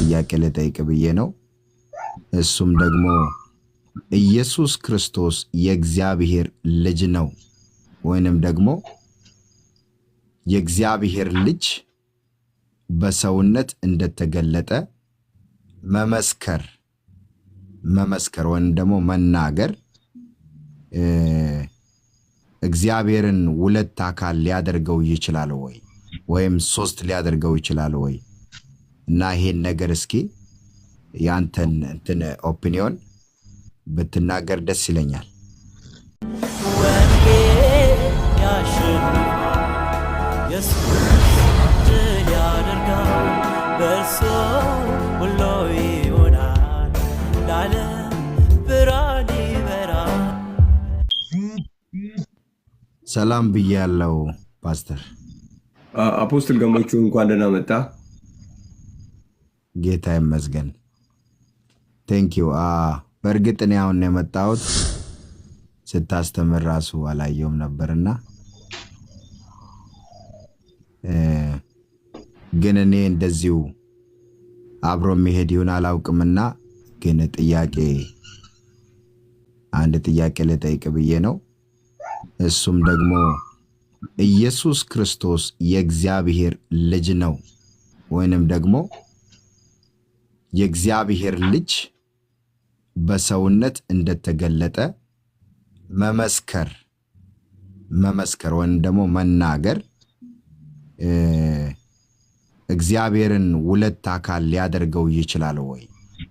ጥያቄ ልጠይቅ ብዬ ነው። እሱም ደግሞ ኢየሱስ ክርስቶስ የእግዚአብሔር ልጅ ነው ወይንም ደግሞ የእግዚአብሔር ልጅ በሰውነት እንደተገለጠ መመስከር መመስከር ወይም ደግሞ መናገር እግዚአብሔርን ሁለት አካል ሊያደርገው ይችላል ወይ ወይም ሶስት ሊያደርገው ይችላል ወይ እና ይሄን ነገር እስኪ ያንተን እንትን ኦፒኒዮን ብትናገር ደስ ይለኛል። ሰላም ብዬ ያለው ፓስተር አፖስትል ገመቹ እንኳን ደህና መጣ። ጌታ ይመስገን። ቴንኪዩ። በእርግጥ እኔ አሁን የመጣሁት ስታስተምር ራሱ አላየውም ነበርና ግን እኔ እንደዚሁ አብሮ የሚሄድ ይሁን አላውቅምና ግን ጥያቄ አንድ ጥያቄ ልጠይቅ ብዬ ነው። እሱም ደግሞ ኢየሱስ ክርስቶስ የእግዚአብሔር ልጅ ነው ወይንም ደግሞ የእግዚአብሔር ልጅ በሰውነት እንደተገለጠ መመስከር መመስከር ወይም ደግሞ መናገር እግዚአብሔርን ሁለት አካል ሊያደርገው ይችላል ወይ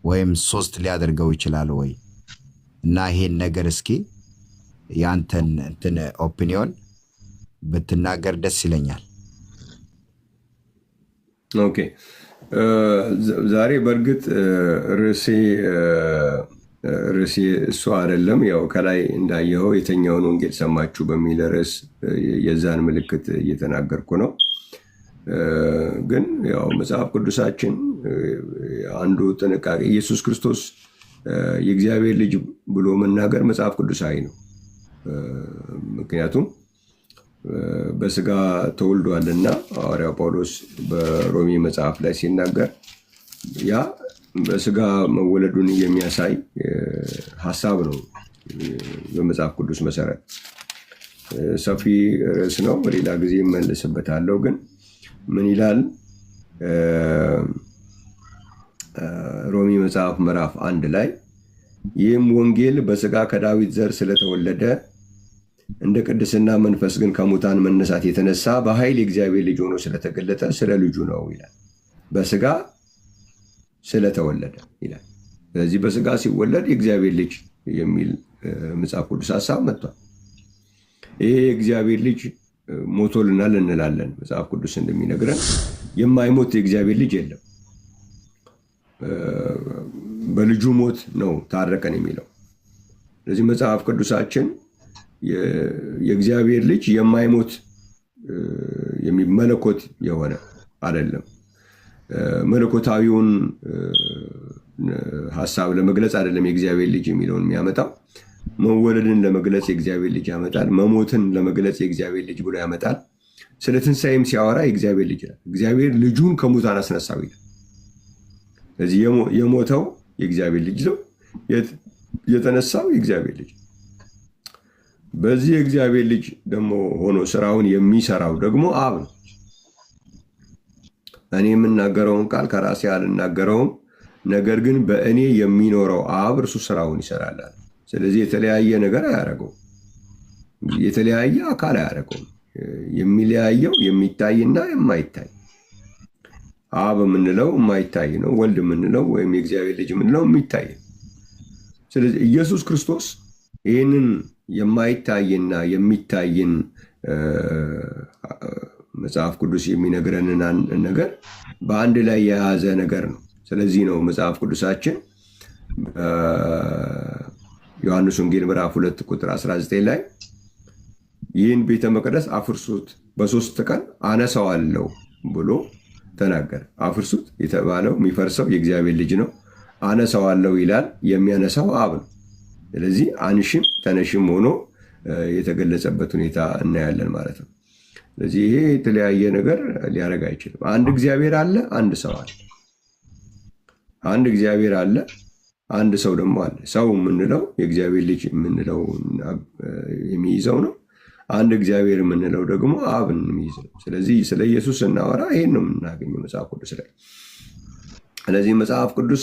ወይም ሶስት ሊያደርገው ይችላል ወይ? እና ይሄን ነገር እስኪ የአንተን እንትን ኦፒኒዮን ብትናገር ደስ ይለኛል። ኦኬ ዛሬ በእርግጥ ርዕሴ ርዕሴ እሱ አይደለም። ያው ከላይ እንዳየኸው የተኛውን ወንጌል ሰማችሁ በሚል ርዕስ የዛን ምልክት እየተናገርኩ ነው። ግን ያው መጽሐፍ ቅዱሳችን አንዱ ጥንቃቄ ኢየሱስ ክርስቶስ የእግዚአብሔር ልጅ ብሎ መናገር መጽሐፍ ቅዱሳዊ ነው። ምክንያቱም በስጋ ተወልዷልና ሐዋርያው ጳውሎስ በሮሚ መጽሐፍ ላይ ሲናገር ያ በስጋ መወለዱን የሚያሳይ ሀሳብ ነው። በመጽሐፍ ቅዱስ መሰረት ሰፊ ርዕስ ነው። በሌላ ጊዜ እመልስበታለሁ። ግን ምን ይላል? ሮሚ መጽሐፍ ምዕራፍ አንድ ላይ ይህም ወንጌል በስጋ ከዳዊት ዘር ስለተወለደ እንደ ቅድስና መንፈስ ግን ከሙታን መነሳት የተነሳ በኃይል የእግዚአብሔር ልጅ ሆኖ ስለተገለጠ ስለ ልጁ ነው ይላል። በስጋ ስለተወለደ ይላል። ስለዚህ በስጋ ሲወለድ የእግዚአብሔር ልጅ የሚል መጽሐፍ ቅዱስ ሀሳብ መጥቷል። ይሄ የእግዚአብሔር ልጅ ሞቶልናል እንላለን። መጽሐፍ ቅዱስ እንደሚነግረን የማይሞት የእግዚአብሔር ልጅ የለም። በልጁ ሞት ነው ታረቀን የሚለው። ስለዚህ መጽሐፍ ቅዱሳችን የእግዚአብሔር ልጅ የማይሞት መለኮት የሆነ አይደለም። መለኮታዊውን ሀሳብ ለመግለጽ አይደለም የእግዚአብሔር ልጅ የሚለውን የሚያመጣው መወለድን ለመግለጽ የእግዚአብሔር ልጅ ያመጣል። መሞትን ለመግለጽ የእግዚአብሔር ልጅ ብሎ ያመጣል። ስለ ትንሣኤም ሲያወራ የእግዚአብሔር ልጅ ይላል። እግዚአብሔር ልጁን ከሙታን አስነሳው ይላል። ስለዚህ የሞተው የእግዚአብሔር ልጅ ነው፣ የተነሳው የእግዚአብሔር ልጅ በዚህ የእግዚአብሔር ልጅ ደግሞ ሆኖ ስራውን የሚሰራው ደግሞ አብ ነው። እኔ የምናገረውን ቃል ከራሴ አልናገረውም፣ ነገር ግን በእኔ የሚኖረው አብ እርሱ ስራውን ይሰራላል። ስለዚህ የተለያየ ነገር አያደረገው፣ የተለያየ አካል አያደርገውም። የሚለያየው የሚታይና የማይታይ አብ የምንለው የማይታይ ነው። ወልድ የምንለው ወይም የእግዚአብሔር ልጅ የምንለው የሚታይ ነው። ስለዚህ ኢየሱስ ክርስቶስ ይህንን የማይታይና የሚታይን መጽሐፍ ቅዱስ የሚነግረንን ነገር በአንድ ላይ የያዘ ነገር ነው። ስለዚህ ነው መጽሐፍ ቅዱሳችን ዮሐንስ ወንጌል ምዕራፍ 2 ቁጥር 19 ላይ ይህን ቤተ መቅደስ አፍርሱት በሶስት ቀን አነሳዋለሁ ብሎ ተናገረ። አፍርሱት የተባለው የሚፈርሰው የእግዚአብሔር ልጅ ነው። አነሰዋለሁ ይላል። የሚያነሳው አብ ነው። ስለዚህ አንሽም ተነሽም ሆኖ የተገለጸበት ሁኔታ እናያለን ማለት ነው። ስለዚህ ይሄ የተለያየ ነገር ሊያደርግ አይችልም። አንድ እግዚአብሔር አለ፣ አንድ ሰው አለ። አንድ እግዚአብሔር አለ፣ አንድ ሰው ደግሞ አለ። ሰው የምንለው የእግዚአብሔር ልጅ የምንለው የሚይዘው ነው። አንድ እግዚአብሔር የምንለው ደግሞ አብን የሚይዝ ነው። ስለዚህ ስለ ኢየሱስ ስናወራ ይሄን ነው የምናገኘው መጽሐፍ ቅዱስ ላይ። ስለዚህ መጽሐፍ ቅዱስ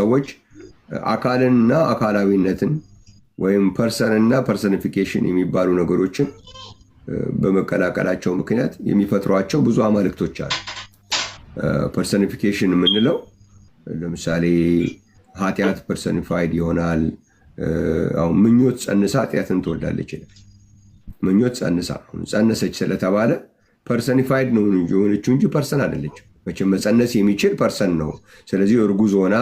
ሰዎች አካልንና አካላዊነትን ወይም ፐርሰንና ፐርሰኒፊኬሽን የሚባሉ ነገሮችን በመቀላቀላቸው ምክንያት የሚፈጥሯቸው ብዙ አማልክቶች አሉ። ፐርሰኒፊኬሽን የምንለው ለምሳሌ ኃጢአት ፐርሰኒፋይድ ይሆናል። አሁን ምኞት ጸንሳ ኃጢአትን ትወልዳለች ይላል። ምኞት ጸንሳ ጸነሰች ስለተባለ ፐርሰኒፋይድ ነው የሆነችው እንጂ ፐርሰን አይደለችም። መቼም መፀነስ የሚችል ፐርሰን ነው። ስለዚህ እርጉዝ ሆና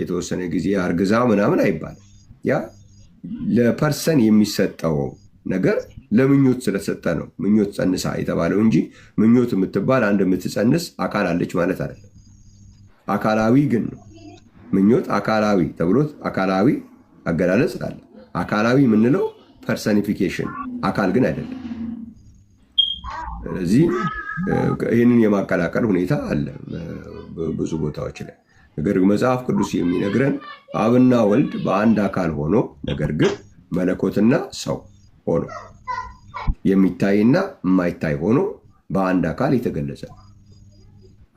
የተወሰነ ጊዜ አርግዛ ምናምን አይባልም። ያ ለፐርሰን የሚሰጠው ነገር ለምኞት ስለሰጠ ነው ምኞት ጸንሳ የተባለው እንጂ ምኞት የምትባል አንድ የምትጸንስ አካል አለች ማለት አይደለም። አካላዊ ግን ነው ምኞት አካላዊ ተብሎት አካላዊ አገላለጽ አለ። አካላዊ የምንለው ፐርሰኒፊኬሽን አካል ግን አይደለም። ስለዚህ ይህንን የማቀላቀል ሁኔታ አለ ብዙ ቦታዎች ላይ። ነገር ግን መጽሐፍ ቅዱስ የሚነግረን አብና ወልድ በአንድ አካል ሆኖ ነገር ግን መለኮትና ሰው ሆኖ የሚታይና የማይታይ ሆኖ በአንድ አካል የተገለጸ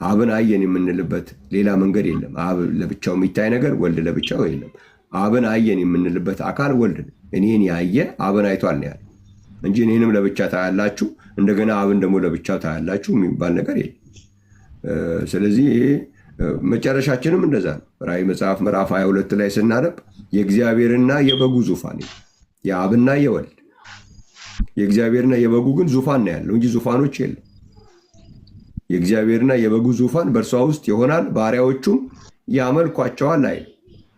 አብን አየን የምንልበት ሌላ መንገድ የለም። አብ ለብቻው የሚታይ ነገር፣ ወልድ ለብቻው የለም። አብን አየን የምንልበት አካል ወልድ ነው። እኔን ያየ አብን አይቷል ነው ያለ እንጂ እኔንም ለብቻ ታያላችሁ፣ እንደገና አብን ደግሞ ለብቻ ታያላችሁ የሚባል ነገር የለም። ስለዚህ ይሄ መጨረሻችንም እንደዛ ነው። ራዕይ መጽሐፍ ምዕራፍ 22 ላይ ስናነብ የእግዚአብሔርና የበጉ ዙፋን የአብና የወልድ የእግዚአብሔርና የበጉ ግን ዙፋን ነው ያለው እንጂ ዙፋኖች የለም። የእግዚአብሔርና የበጉ ዙፋን በእርሷ ውስጥ ይሆናል፣ ባሪያዎቹም ያመልኳቸዋል አይል።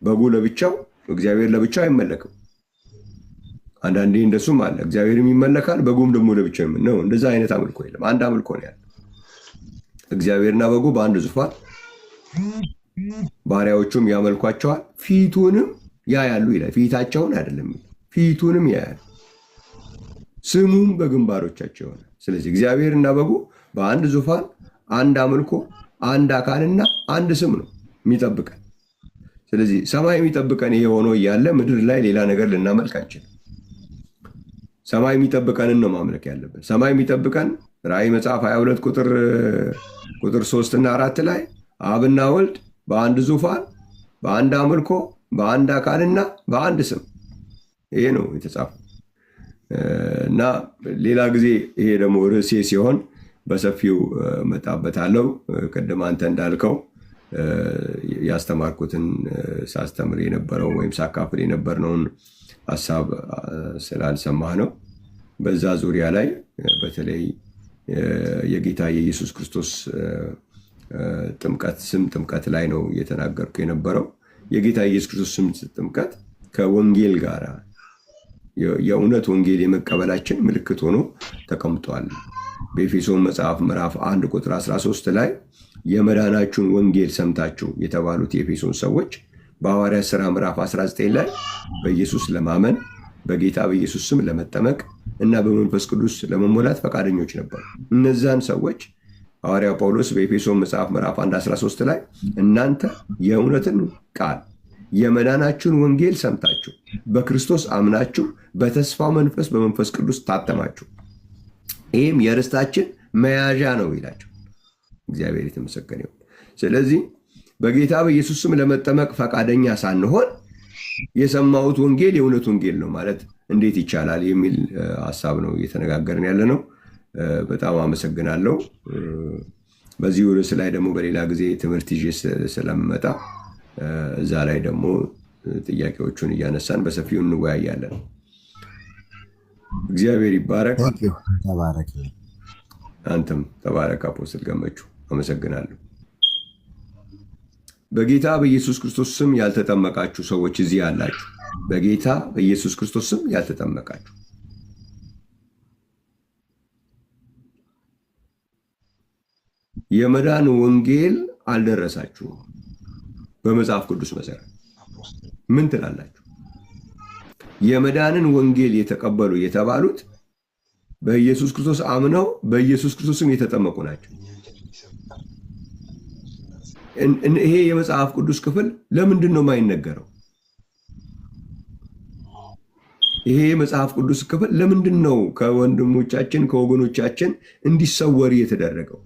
በጉ ለብቻው፣ እግዚአብሔር ለብቻው አይመለክም። አንዳንዴ እንደሱም አለ። እግዚአብሔርም ይመለካል፣ በጎም ደግሞ ለብቻው ነው። እንደዛ አይነት አምልኮ የለም። አንድ አምልኮ ነው ያለ። እግዚአብሔርና በጎ በአንድ ዙፋን፣ ባሪያዎቹም ያመልኳቸዋል። ፊቱንም ያያሉ ይላል። ፊታቸውን አይደለም፣ ፊቱንም ያያሉ፣ ስሙም በግንባሮቻቸው ይሆናል። ስለዚህ እና በጎ በአንድ ዙፋን፣ አንድ አምልኮ፣ አንድ አካልና አንድ ስም ነው የሚጠብቀን። ስለዚህ ሰማይ የሚጠብቀን ይሄ ሆኖ እያለ ምድር ላይ ሌላ ነገር ልናመልክ አንችልም። ሰማይ የሚጠብቀንን ነው ማምለክ ያለብን። ሰማይ የሚጠብቀን ራእይ መጽሐፍ 22 ቁጥር ቁጥር 3 እና አራት ላይ አብና ወልድ በአንድ ዙፋን በአንድ አምልኮ በአንድ አካልና በአንድ ስም ይሄ ነው የተጻፈው እና ሌላ ጊዜ ይሄ ደግሞ ርዕሴ ሲሆን በሰፊው መጣበታለው ቅድም አንተ እንዳልከው ያስተማርኩትን ሳስተምር የነበረውን ወይም ሳካፍል የነበርነውን ሀሳብ ስላልሰማህ ነው። በዛ ዙሪያ ላይ በተለይ የጌታ የኢየሱስ ክርስቶስ ጥምቀት ስም ጥምቀት ላይ ነው እየተናገርኩ የነበረው። የጌታ የኢየሱስ ክርስቶስ ስም ጥምቀት ከወንጌል ጋር የእውነት ወንጌል የመቀበላችን ምልክት ሆኖ ተቀምጧል። በኤፌሶን መጽሐፍ ምዕራፍ 1 ቁጥር 13 ላይ የመዳናችሁን ወንጌል ሰምታችሁ የተባሉት የኤፌሶን ሰዎች በሐዋርያ ሥራ ምዕራፍ 19 ላይ በኢየሱስ ለማመን በጌታ በኢየሱስ ስም ለመጠመቅ እና በመንፈስ ቅዱስ ለመሞላት ፈቃደኞች ነበሩ። እነዛን ሰዎች ሐዋርያው ጳውሎስ በኤፌሶን መጽሐፍ ምዕራፍ 1 13 ላይ እናንተ የእውነትን ቃል የመዳናችሁን ወንጌል ሰምታችሁ በክርስቶስ አምናችሁ በተስፋው መንፈስ በመንፈስ ቅዱስ ታተማችሁ፣ ይህም የርስታችን መያዣ ነው ይላቸው። እግዚአብሔር የተመሰገነ ይሁን። ስለዚህ በጌታ በኢየሱስ ስም ለመጠመቅ ፈቃደኛ ሳንሆን የሰማሁት ወንጌል የእውነት ወንጌል ነው ማለት እንዴት ይቻላል? የሚል ሀሳብ ነው እየተነጋገርን ያለ ነው። በጣም አመሰግናለሁ። በዚህ ርዕስ ላይ ደግሞ በሌላ ጊዜ ትምህርት ይዤ ስለምመጣ እዛ ላይ ደግሞ ጥያቄዎቹን እያነሳን በሰፊው እንወያያለን። እግዚአብሔር ይባረክ። አንተም ተባረክ። አፖስትል ገመችው። አመሰግናለሁ። በጌታ በኢየሱስ ክርስቶስ ስም ያልተጠመቃችሁ ሰዎች እዚህ ያላችሁ፣ በጌታ በኢየሱስ ክርስቶስ ስም ያልተጠመቃችሁ የመዳን ወንጌል አልደረሳችሁም። በመጽሐፍ ቅዱስ መሰረት ምን ትላላችሁ? የመዳንን ወንጌል የተቀበሉ የተባሉት በኢየሱስ ክርስቶስ አምነው በኢየሱስ ክርስቶስም የተጠመቁ ናቸው። ይሄ የመጽሐፍ ቅዱስ ክፍል ለምንድን ነው የማይነገረው? ይሄ የመጽሐፍ ቅዱስ ክፍል ለምንድን ነው ከወንድሞቻችን ከወገኖቻችን እንዲሰወር የተደረገው?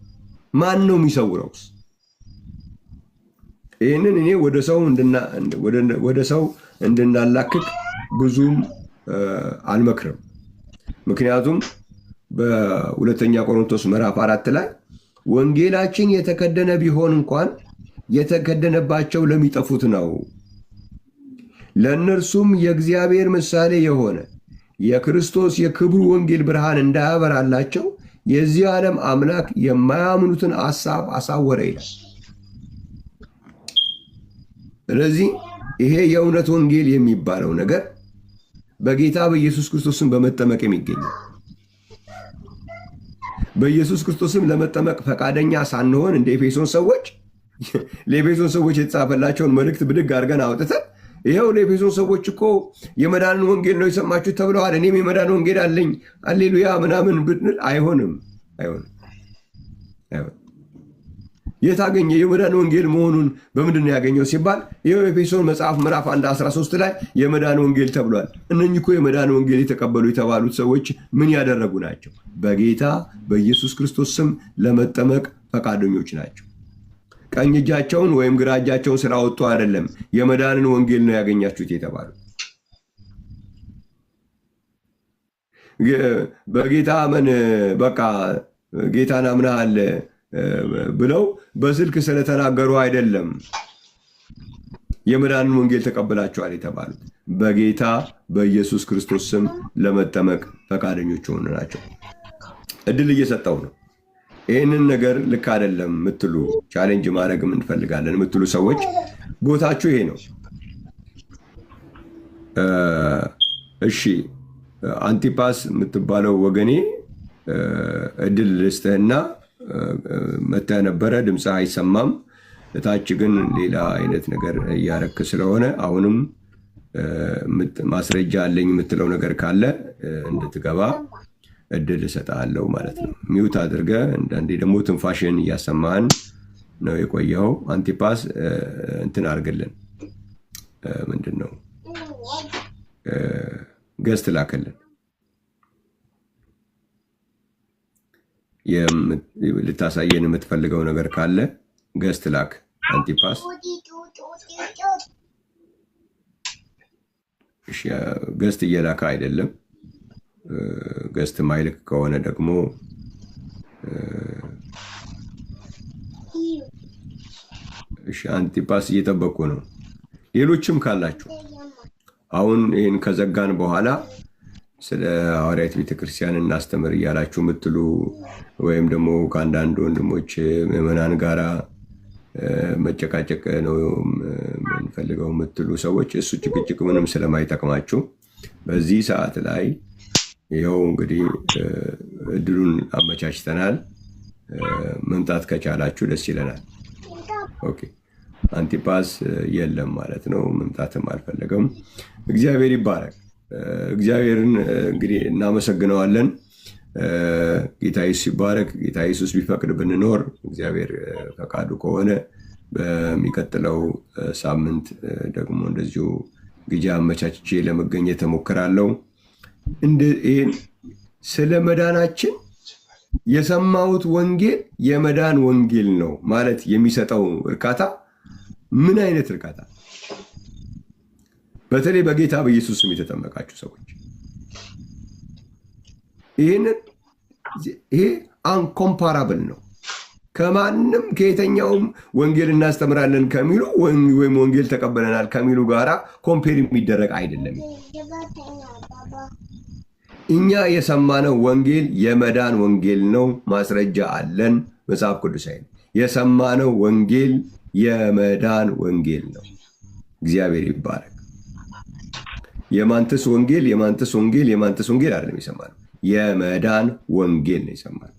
ማን ነው የሚሰውረውስ? ይህንን እኔ ወደ ሰው እንድናላክቅ ብዙም አልመክርም። ምክንያቱም በሁለተኛ ቆሮንቶስ ምዕራፍ አራት ላይ ወንጌላችን የተከደነ ቢሆን እንኳን የተከደነባቸው ለሚጠፉት ነው። ለእነርሱም የእግዚአብሔር ምሳሌ የሆነ የክርስቶስ የክብሩ ወንጌል ብርሃን እንዳያበራላቸው የዚህ ዓለም አምላክ የማያምኑትን አሳብ አሳወረ ይላል። ስለዚህ ይሄ የእውነት ወንጌል የሚባለው ነገር በጌታ በኢየሱስ ክርስቶስም በመጠመቅ የሚገኘው በኢየሱስ ክርስቶስም ለመጠመቅ ፈቃደኛ ሳንሆን እንደ ኤፌሶን ሰዎች ለኤፌሶን ሰዎች የተጻፈላቸውን መልእክት ብድግ አድርገን አውጥተን ይኸው ለኤፌሶን ሰዎች እኮ የመዳንን ወንጌል ነው የሰማችሁ ተብለዋል። እኔም የመዳን ወንጌል አለኝ አሌሉያ ምናምን ብንል አይሆንም፣ አይሆንም። የት አገኘ የመዳን ወንጌል መሆኑን በምንድን ነው ያገኘው ሲባል ይኸው ኤፌሶን መጽሐፍ ምዕራፍ 1 13 ላይ የመዳን ወንጌል ተብሏል። እነኚህ እኮ የመዳን ወንጌል የተቀበሉ የተባሉት ሰዎች ምን ያደረጉ ናቸው? በጌታ በኢየሱስ ክርስቶስ ስም ለመጠመቅ ፈቃደኞች ናቸው። ቀኝ እጃቸውን ወይም ግራ እጃቸውን ስራ ወጥቶ አይደለም የመዳንን ወንጌል ነው ያገኛችሁት የተባሉ በጌታ አመን በቃ ጌታን አምናሃል ብለው በስልክ ስለተናገሩ አይደለም የመዳንን ወንጌል ተቀብላችኋል የተባሉት በጌታ በኢየሱስ ክርስቶስ ስም ለመጠመቅ ፈቃደኞች የሆኑ ናቸው። እድል እየሰጠው ነው። ይህንን ነገር ልክ አይደለም የምትሉ ቻሌንጅ ማድረግም እንፈልጋለን የምትሉ ሰዎች ቦታችሁ ይሄ ነው። እሺ አንቲፓስ የምትባለው ወገኔ እድል ልስጥህና መተህ ነበረ፣ ድምፅ አይሰማም። እታች ግን ሌላ አይነት ነገር እያረክ ስለሆነ አሁንም ማስረጃ አለኝ የምትለው ነገር ካለ እንድትገባ እድል እሰጥሃለሁ ማለት ነው። ሚውት አድርገ አንዳንዴ ደግሞ ትንፋሽን እያሰማህን ነው የቆየው አንቲፓስ እንትን አድርግልን፣ ምንድን ነው ገዝት ላክልን። ልታሳየን የምትፈልገው ነገር ካለ ገዝት ላክ አንቲፓስ። ገዝት እየላከ አይደለም ገስት ማይልክ ከሆነ ደግሞ እሺ አንቲፓስ እየጠበቁ ነው። ሌሎችም ካላችሁ አሁን ይህን ከዘጋን በኋላ ስለ ሐዋርያት ቤተክርስቲያን እናስተምር እያላችሁ የምትሉ ወይም ደግሞ ከአንዳንድ ወንድሞች ምዕመናን ጋራ መጨቃጨቅ ነው የምንፈልገው የምትሉ ሰዎች እሱ ጭቅጭቅ ምንም ስለማይጠቅማችሁ በዚህ ሰዓት ላይ ይኸው እንግዲህ እድሉን አመቻችተናል። መምጣት ከቻላችሁ ደስ ይለናል። ኦኬ የለም ማለት ነው። መምጣትም አልፈለገም። እግዚአብሔር ይባረክ። እግዚአብሔርን እንግዲህ እናመሰግነዋለን። ጌታ ኢየሱስ ይባረክ። ጌታ ኢየሱስ ቢፈቅድ ብንኖር እግዚአብሔር ፈቃዱ ከሆነ በሚቀጥለው ሳምንት ደግሞ እንደዚሁ ግጃ አመቻችቼ ለመገኘት እሞክራለሁ። ስለ መዳናችን የሰማሁት ወንጌል የመዳን ወንጌል ነው ማለት የሚሰጠው እርካታ ምን አይነት እርካታ! በተለይ በጌታ በኢየሱስ ስም የተጠመቃችሁ ሰዎች ይህንን ይሄ አንኮምፓራብል ነው። ከማንም ከየተኛውም ወንጌል እናስተምራለን ከሚሉ ወይም ወንጌል ተቀበለናል ከሚሉ ጋራ ኮምፔር የሚደረግ አይደለም። እኛ የሰማነው ወንጌል የመዳን ወንጌል ነው። ማስረጃ አለን። መጽሐፍ ቅዱሳዊ የሰማነው ወንጌል የመዳን ወንጌል ነው። እግዚአብሔር ይባረክ። የማንትስ ወንጌል የማንትስ ወንጌል የማንትስ ወንጌል አይደለም የሰማነው የመዳን ወንጌል ነው የሰማነው።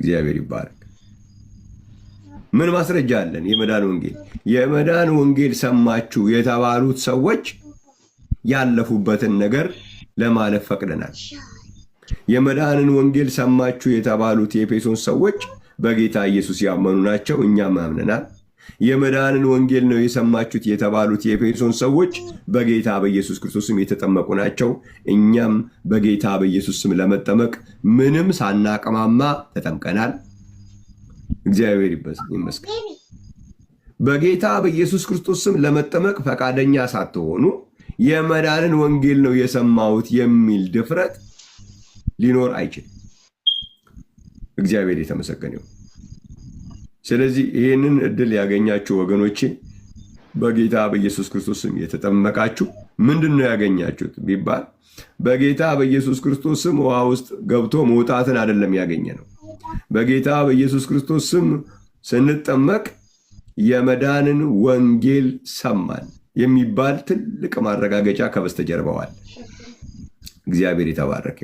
እግዚአብሔር ይባረክ። ምን ማስረጃ አለን? የመዳን ወንጌል የመዳን ወንጌል ሰማችሁ የተባሉት ሰዎች ያለፉበትን ነገር ለማለፍ ፈቅደናል። የመድኃንን ወንጌል ሰማችሁ የተባሉት የኤፌሶን ሰዎች በጌታ ኢየሱስ ያመኑ ናቸው፣ እኛም አምነናል። የመድኃንን ወንጌል ነው የሰማችሁት የተባሉት የኤፌሶን ሰዎች በጌታ በኢየሱስ ክርስቶስም የተጠመቁ ናቸው። እኛም በጌታ በኢየሱስ ስም ለመጠመቅ ምንም ሳናቀማማ ተጠምቀናል። እግዚአብሔር ይመስገን። በጌታ በኢየሱስ ክርስቶስ ስም ለመጠመቅ ፈቃደኛ ሳትሆኑ የመዳንን ወንጌል ነው የሰማሁት የሚል ድፍረት ሊኖር አይችልም። እግዚአብሔር የተመሰገነው። ስለዚህ ይህንን እድል ያገኛችሁ ወገኖቼ በጌታ በኢየሱስ ክርስቶስ ስም የተጠመቃችሁ ምንድን ነው ያገኛችሁት ቢባል በጌታ በኢየሱስ ክርስቶስ ስም ውሃ ውስጥ ገብቶ መውጣትን አይደለም ያገኘ ነው። በጌታ በኢየሱስ ክርስቶስ ስም ስንጠመቅ የመዳንን ወንጌል ሰማን። የሚባል ትልቅ ማረጋገጫ ከበስተጀርባው አለ። እግዚአብሔር የተባረከ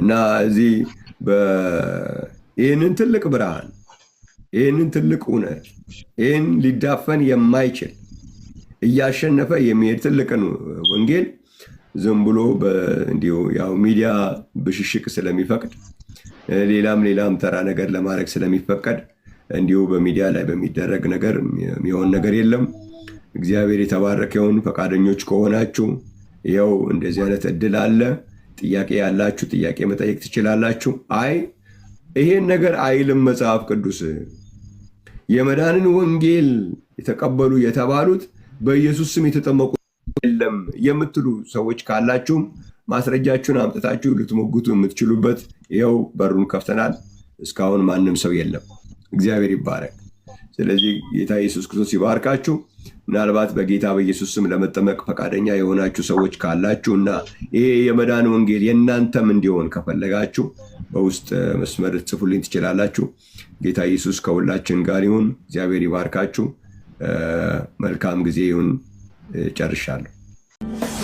እና እዚህ ይህንን ትልቅ ብርሃን ይህንን ትልቅ እውነት ይህን ሊዳፈን የማይችል እያሸነፈ የሚሄድ ትልቅን ወንጌል ዝም ብሎ እንዲሁ ያው ሚዲያ ብሽሽቅ ስለሚፈቅድ ሌላም ሌላም ተራ ነገር ለማድረግ ስለሚፈቀድ እንዲሁ በሚዲያ ላይ በሚደረግ ነገር የሚሆን ነገር የለም። እግዚአብሔር የተባረከውን ፈቃደኞች ከሆናችሁ ይኸው እንደዚህ አይነት እድል አለ። ጥያቄ ያላችሁ ጥያቄ መጠየቅ ትችላላችሁ። አይ ይሄን ነገር አይልም መጽሐፍ ቅዱስ። የመዳንን ወንጌል የተቀበሉ የተባሉት በኢየሱስ ስም የተጠመቁ የለም የምትሉ ሰዎች ካላችሁም ማስረጃችሁን አምጥታችሁ ልትሞግቱ የምትችሉበት ይኸው በሩን ከፍተናል። እስካሁን ማንም ሰው የለም። እግዚአብሔር ይባረክ። ስለዚህ ጌታ ኢየሱስ ክርስቶስ ይባርካችሁ። ምናልባት በጌታ በኢየሱስ ስም ለመጠመቅ ፈቃደኛ የሆናችሁ ሰዎች ካላችሁ እና ይሄ የመዳን ወንጌል የእናንተም እንዲሆን ከፈለጋችሁ በውስጥ መስመር ጽፉልኝ ትችላላችሁ። ጌታ ኢየሱስ ከሁላችን ጋር ይሁን። እግዚአብሔር ይባርካችሁ። መልካም ጊዜ ይሁን። ጨርሻለሁ።